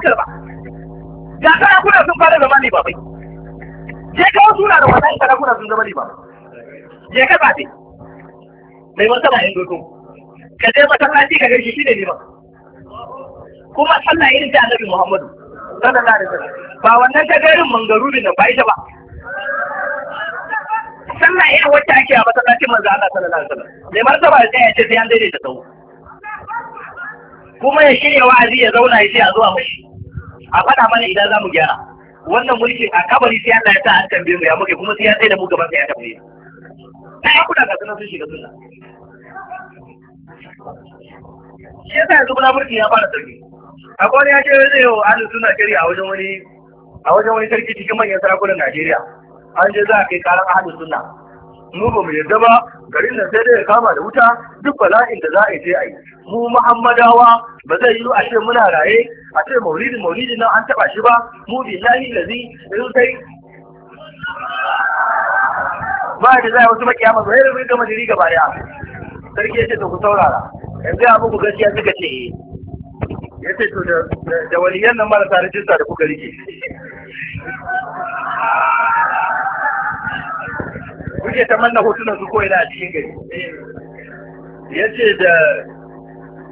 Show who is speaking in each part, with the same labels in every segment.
Speaker 1: fuskar ba ga sarakuna sun fara zama ne bai je ka wasu na da wannan sarakuna sun zama ne ba je ka zaɓe mai wata ba yin doto ka je masallaci ka gaishe shi ne ne ba kuma sallah irin ta annabi Muhammadu sallallahu alaihi wasallam ba wannan ta garin mangaruri da ba ita ba sallah irin wacce ake a masallacin manzo Allah sallallahu alaihi wasallam mai martaba da ya ce sai an daidaita sau kuma ya shirya wa'azi ya zauna ya ce a zuwa mashi a faɗa mana idan za mu gyara wannan mulki a kabari sai Allah ya sa an tambaye mu ya muke kuma sai ya tsaye da mu gaban sai ya tambaye mu ya kuna ga sunan sun shiga sunna shi yasa yanzu kuna mulki ya fara sarki akwai wani ya ce zai yau an suna kiri a wajen wani a wajen wani sarki cikin manyan sarakunan Najeriya an je za a kai karan ahlus sunna mu ba mu yarda ba garin nan sai dai ya kama da wuta duk bala'in da za a yi sai a yi mu Muhammadawa ba zai yi a ce muna raye a ce maulidi maulidi nan an taba shi ba mu billahi lazi in kai ba da zai wasu makiya masu yadda zai gama jiri gaba daya sarki ya ce to ku saurara yanzu ya muku gaskiya suka ce ya ce to da waliyan nan marasa rajista da kuka rike kuke ta manna hotunan su ko na a cikin gari ya ce da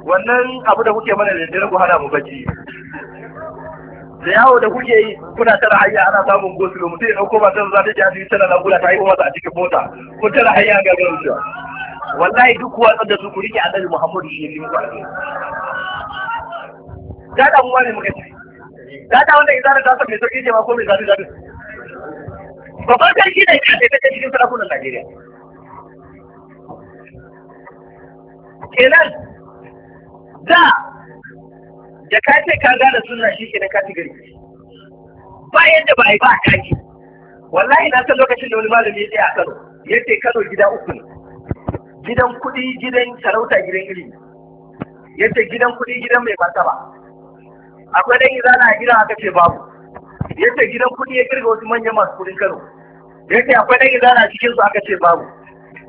Speaker 1: wannan abu da kuke mana da ku hana mu bacci da yawo da kuke yi kuna tara hayya ana samun gosulo mutum ya dauko matan za ta ji asibiti tana kula ta haihu masa a cikin mota ko tara hayya ga shi wallahi duk kuwa tsada su ku rike annabi muhammadu shi ne muku alheri gada mu ne muka ci gada wanda idan ta san mai sauki ce ma ko mai zafi zafi
Speaker 2: babban sarki da
Speaker 1: ya ce ta cikin sarakunan najeriya kenan da da ka ce ka gane sunna shi kenan ka tigari ba yadda ba yi ba a kaki wallahi na san lokacin da wani malami ya a Kano ya ce Kano gida uku ne gidan kuɗi gidan sarauta gidan iri. ya ce gidan kuɗi gidan mai martaba akwai dan izana a gidan aka ce babu ya ce gidan kuɗi ya kirga wasu manyan masu kuɗin Kano ya ce akwai dan izana a cikin su aka ce babu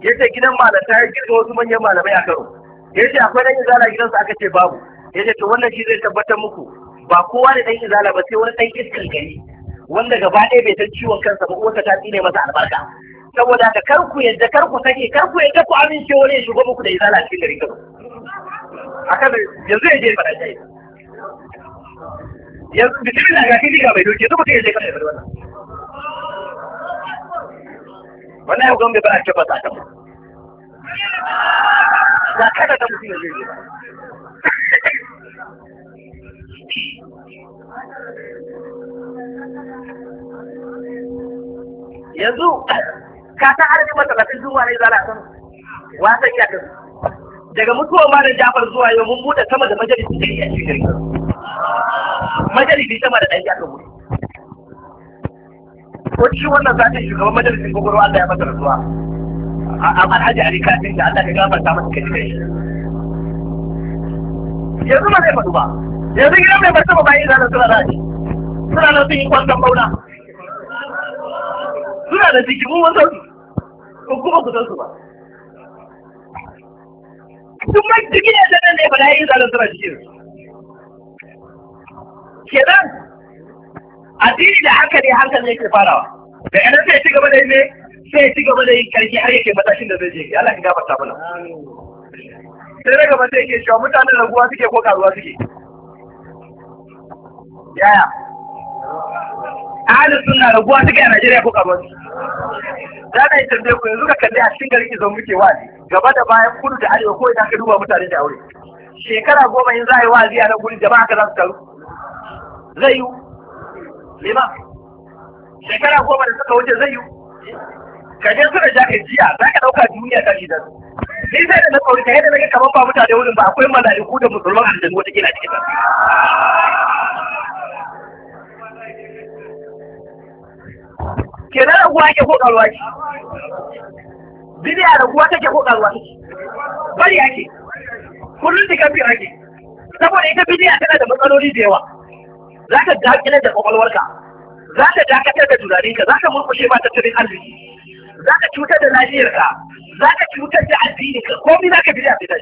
Speaker 1: ya ce gidan malata ya kirga wasu manyan malamai a Kano ya ce akwai ɗan izala gidansa aka ce babu ya ce to wannan shi zai tabbatar muku ba kowa da ɗan izala ba sai wani ɗan iskar gari wanda gaba ɗaya bai san ciwon kansa ba uwarsa ta tsine masa albarka saboda da kar ku yadda kar ku sake kar ku yadda ku amince wani ya shigo muku da izala cikin gari kano
Speaker 2: akan yanzu ya je fara
Speaker 1: yanzu bismillah ga kidi ga mai doki yanzu mutum ya je kana ya wannan wannan ya gwamnati ba a tabbata ta ba kada da mutum zai yi yanzu ka san adadin masallacin zuwa ne zala san wasan ya kan daga mutuwar malam Jafar zuwa yau mun bude sama da majalisi da iya cikin gari majalisi sama da ɗan kan wuri ko ci wannan zafin shugaban majalisin gwagwarwa Allah ya da rasuwa a alhaji ali kafin da Allah ka gafarta masa kai kai yanzu ba zai faɗu ba yanzu gidan mai barsa ba bayan zanen suna zaji suna nan sun yi kwanton bauna suna da jiki mun wasan su ko kuma ku san su ba sun mai jiki ne zanen ne ba da yayin zanen suna jikin kenan addini da hankali hankali yake farawa da yanar sai ci gaba da yi ne sai ci gaba da yin karfi har yake matakin da zai je Allah ka gafarta mana sai daga gaba sai yake cewa mutanen raguwa suke ko karuwa suke yaya ahalin suna raguwa suke a Najeriya ko karuwa suke za ka yi tambaye ku yanzu ka kalli a cikin garin izon muke wazi gaba da bayan kudu da arewa ko idan ka duba mutane da aure shekara goma in za a yi wazi a nan gurin jama'a ka za su taru zai yiwu lima shekara goma da suka wuce zai yiwu ka je suka ja ka jiya za ka ɗauka duniya ta shi da su ni sai da na kauri ka yadda nake kamar ba mutane wurin ba akwai mala'iku da musulman aljanu wata kila cikin na raguwa ke ko ƙaruwa ce bidiya raguwa take ko ƙaruwa take bari ake kullum da kafi ake saboda ita bidiya tana da matsaloli da yawa za ka dakile da kwakwalwarka za ka dakatar da tunaninka za ka murkushe ma tattalin arziki za ka cutar da lafiyarka za ka cutar da addini ka komai za ka bi da